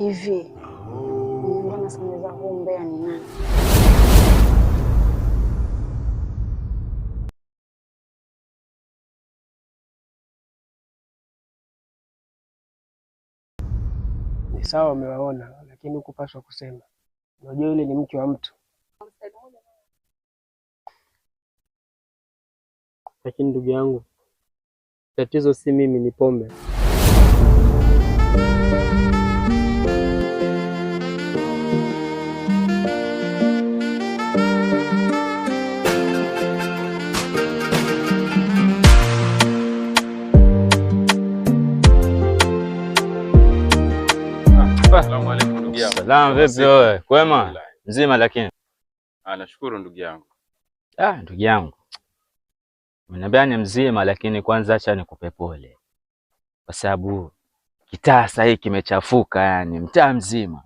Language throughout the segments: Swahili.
hivi ni nani? Ni sawa umewaona, lakini hukupaswa kusema. Unajua yule ni mke wa mtu. Lakini ndugu yangu, tatizo si mimi, ni pombe. Salamu, vipi wewe? Kwema? Mzima lakini. Ah, nashukuru ndugu yangu. Ah, ndugu yangu mnaambia ni mzima lakini kwanza acha nikupe pole, kwa sababu kitaa sasa hii kimechafuka, yani mtaa mzima,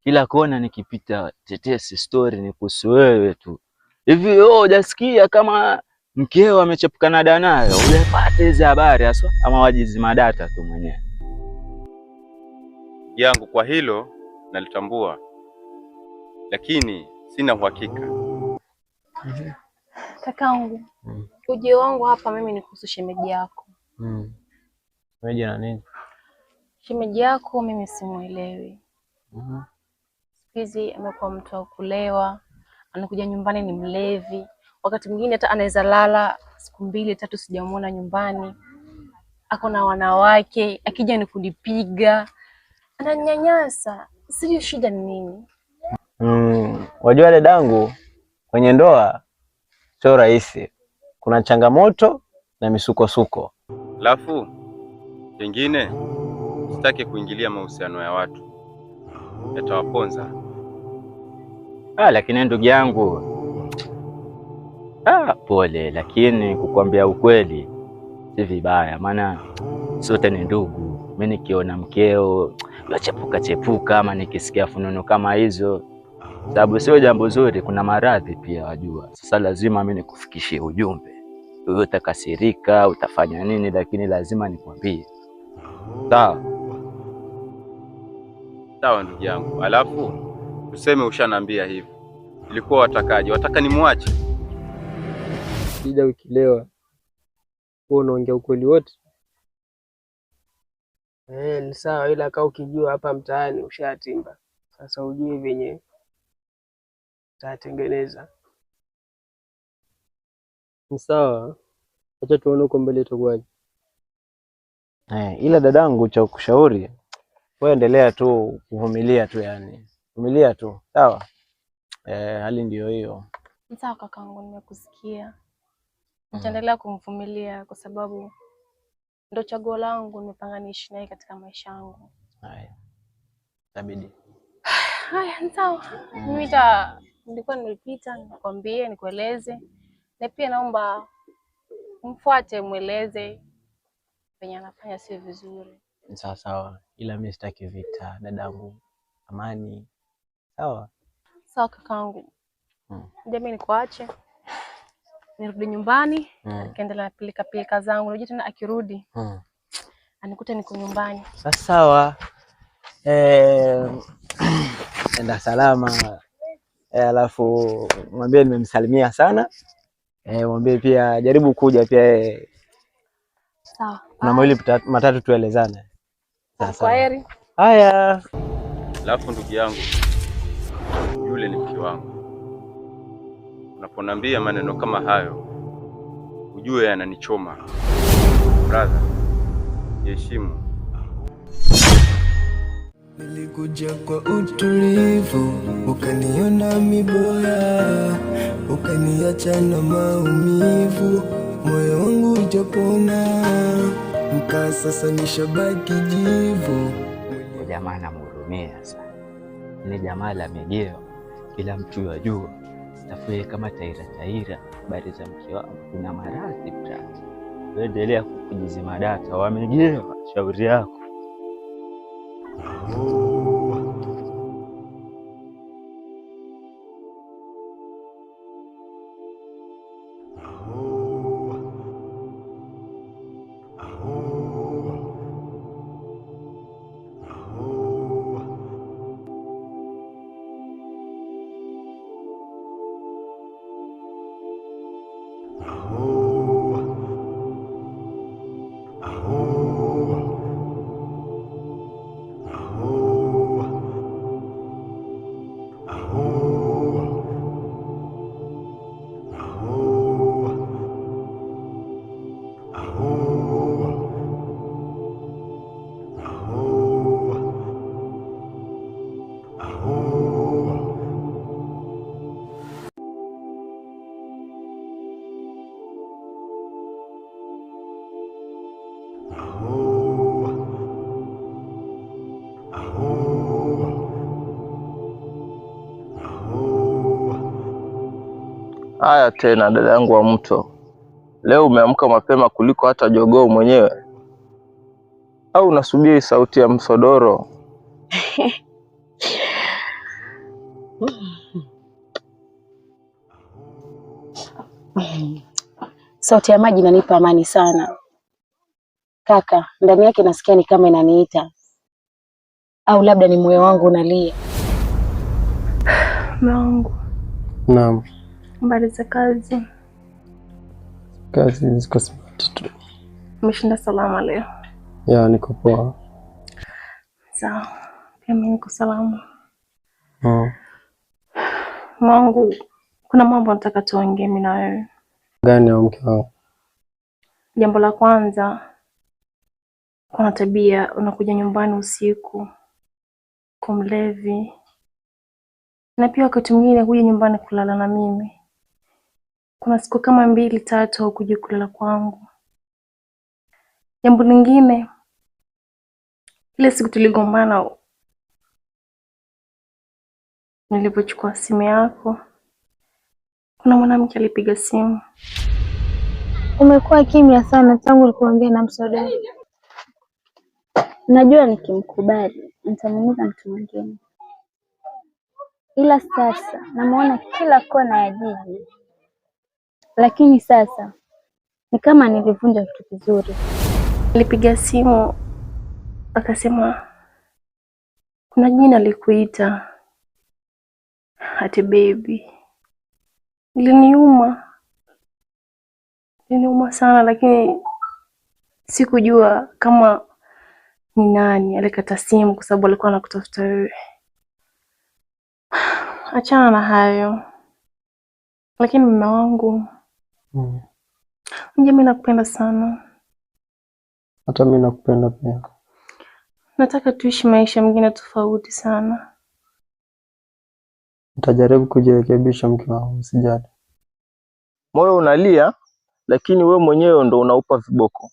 kila kona nikipita tetesi story ni kuhusu wewe tu. Hivi wewe hujasikia kama mkeo amechepukana danayo? Hujapata hizo habari haswa, ama wajizima data tu mwenyewe yangu kwa hilo nalitambua, lakini sina uhakika. mm-hmm. Kakaangu, mm. Uje wangu hapa mimi ni kuhusu shemeji yako. mm. shemeji na nini? shemeji yako mimi simuelewi. mm-hmm. siku hizi amekuwa mtu wa kulewa, anakuja nyumbani ni mlevi, wakati mwingine hata anaweza lala siku mbili tatu sijamuona nyumbani. Ako na wanawake, akija ni kunipiga, ananyanyasa Sijui shida ni nini? Mm, wajua dadangu, kwenye ndoa sio rahisi, kuna changamoto na misukosuko. Alafu pengine sitaki kuingilia mahusiano ya watu, yatawaponza. Ah, lakini ndugu yangu, ah, pole, lakini kukwambia ukweli si vibaya, maana sote ni ndugu mi nikiona mkeo yachepuka chepuka ama nikisikia fununu kama hizo, sababu sio jambo zuri. Kuna maradhi pia wajua. Sasa lazima mi nikufikishie ujumbe wewe, utakasirika utafanya nini, lakini lazima nikwambie. Sawa sawa, ndugu yangu. Alafu useme ushanambia hivi, ilikuwa watakaje? Wataka nimwache? Sija ukilewa, wewe unaongea ukweli wote. Eh, ni sawa ila kaa ukijua hapa mtaani ushatimba. Sasa ujue vyenye utatengeneza Ni sawa, acha tuone huko mbele itakuwaje. Eh, ila dadangu, cha kushauri wewe, endelea tu kuvumilia tu, yani vumilia tu, sawa. Eh, hali ndiyo hiyo. Sawa kakaangu, nimekusikia. Mm. Nitaendelea kumvumilia kwa sababu ndo chaguo langu, nimepanga niishi naye katika maisha yangu. Haya, inabidi haya, sawa. Mimi nilikuwa nimepita, nikwambie, nikueleze, na pia naomba mfuate, mweleze penye anafanya sio vizuri. Sawa sawa, ila mimi sitaki vita, dadangu. Amani, sawa sawa, kakangu. Hmm, jamii, nikuache nirudi nyumbani mm. akaendelea na pilika pilika zangu. Unajua tena akirudi mm. anikuta niko nyumbani. Sasa sawa, eh, enda salama eh, alafu mwambie nimemsalimia sana eh, mwambie pia jaribu kuja pia eh. Sawa. Na mawili matatu tuelezane. Sasa. Haya. Alafu ndugu yangu yule ni mke wangu unaniambia maneno kama hayo, ujue yananichoma. Brother, heshimu. Nilikuja kwa utulivu, ukaniona miboya, ukaniacha na maumivu, moyo wangu ujapona, mkaa sasa nishabaki jivu. Jamaa namhurumia sana, ni jamaa la migeo kila mtu yajua Tafue kama taira taira, habari za mke wako, kuna maradhi brati. Endelea kujizima data, wamejewa shauri yako. Oh. Haya tena, dada yangu wa mto, leo umeamka mapema kuliko hata jogoo mwenyewe, au unasubiri sauti ya msodoro? Sauti ya maji inanipa amani sana kaka, ndani yake nasikia ni kama inaniita, au labda ni moyo wangu unalia. Naam. Habari za kazi? Kazi ziko tu. Umeshinda salama leo? Ya, niko poa. Sawa, pia mimi niko salama. Mwangu, kuna mambo nataka tuongee mimi na wewe. Gani au mke wangu? Jambo la kwanza, kuna tabia unakuja nyumbani usiku kumlevi, na pia wakati mwingine kuja nyumbani kulala na mimi kuna siku kama mbili tatu haukuja kulala kwangu. Jambo lingine, ile siku tuligombana, nilipochukua simu yako, kuna mwanamke alipiga simu. Umekuwa kimya sana tangu ulikuongea na Msoda. Najua nikimkubali nitamuumiza mtu mwingine, ila sasa namuona kila kona ya jiji lakini sasa ni kama nilivunja kitu kizuri. Nilipiga simu akasema kuna jina likuita ati baby. Iliniuma, iliniuma sana, lakini sikujua kama ni nani alikata simu, kwa sababu alikuwa anakutafuta wewe. Achana na hayo, lakini mume wangu Mm. Mje, mi nakupenda sana. Hata mi nakupenda pia. Nataka tuishi maisha mengine tofauti sana. Nitajaribu kujirekebisha mke wangu, usijali. Moyo unalia lakini we mwenyewe ndo unaupa viboko.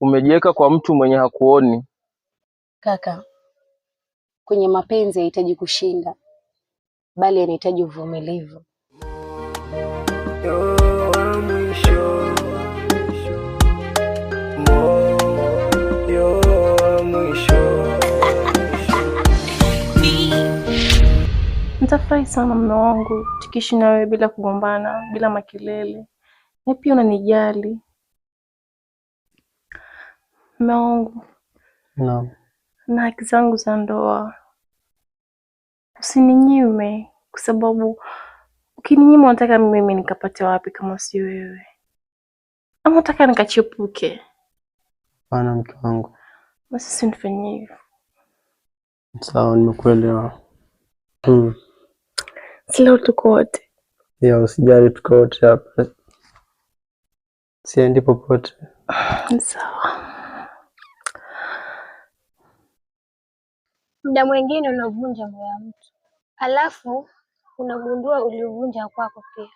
Umejiweka kwa mtu mwenye hakuoni. Kaka, kwenye mapenzi hahitaji kushinda, bali anahitaji uvumilivu. Nitafurahi sana mume wangu, tukiishi na wewe bila kugombana, bila makelele, na pia unanijali mume wangu no. na haki zangu za ndoa usininyime, kwa sababu ukininyima, unataka mimi nikapate wapi kama si wewe? Ama unataka nikachepuke? Hapana mke wangu, basi usinifanyie hivyo. Sawa, nimekuelewa. Hmm. Silo tuko wote. Ya usijali, tuko wote hapa, siendi popote. Sawa. Muda mwingine unavunja moyo wa mtu, alafu unagundua ulivunja kwako pia.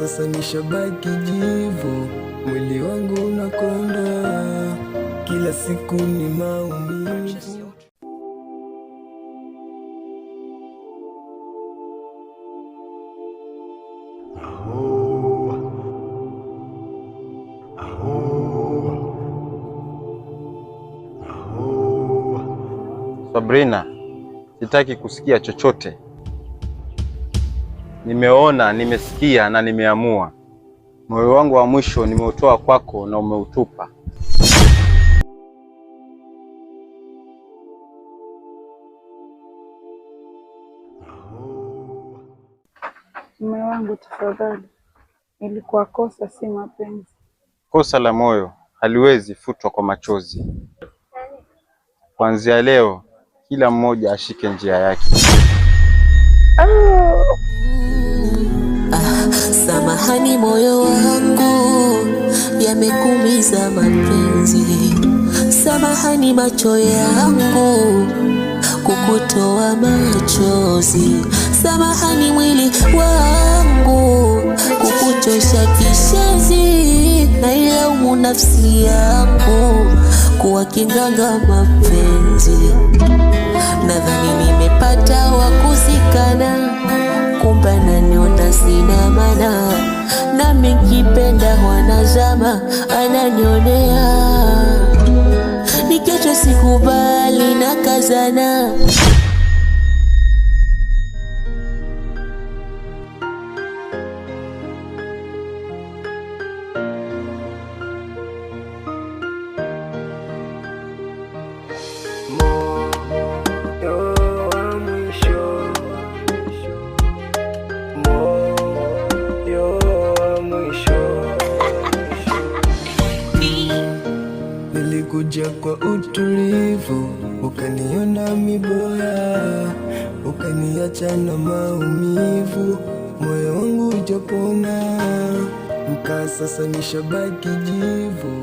sasa nishabaki jivu, mwili wangu unakonda, kila siku ni maumivu. Sabrina, sitaki kusikia chochote nimeona, nimesikia na nimeamua. Moyo wangu wa mwisho nimeutoa kwako na umeutupa. Mume wangu, tafadhali, ilikuwa kosa, si mapenzi. Kosa la moyo haliwezi futwa kwa machozi. Kuanzia leo, kila mmoja ashike njia yake. Oh hani moyo wangu yamekumiza mapenzi, samahani macho yangu kukutoa machozi, samahani mwili wangu kukuchosha kishazi, na ilaumu nafsi yangu kuwa kinganga mapenzi. Nadhani nimepata wa kuzikana, kumbe naniona sina maana nami kipenda wanazama, ananionea nikecho sikubali na kazana Ulikuja kwa utulivu, ukaniona miboya, ukaniacha na maumivu, moyo wangu ujapona, mkaa sasa nishabaki jivu.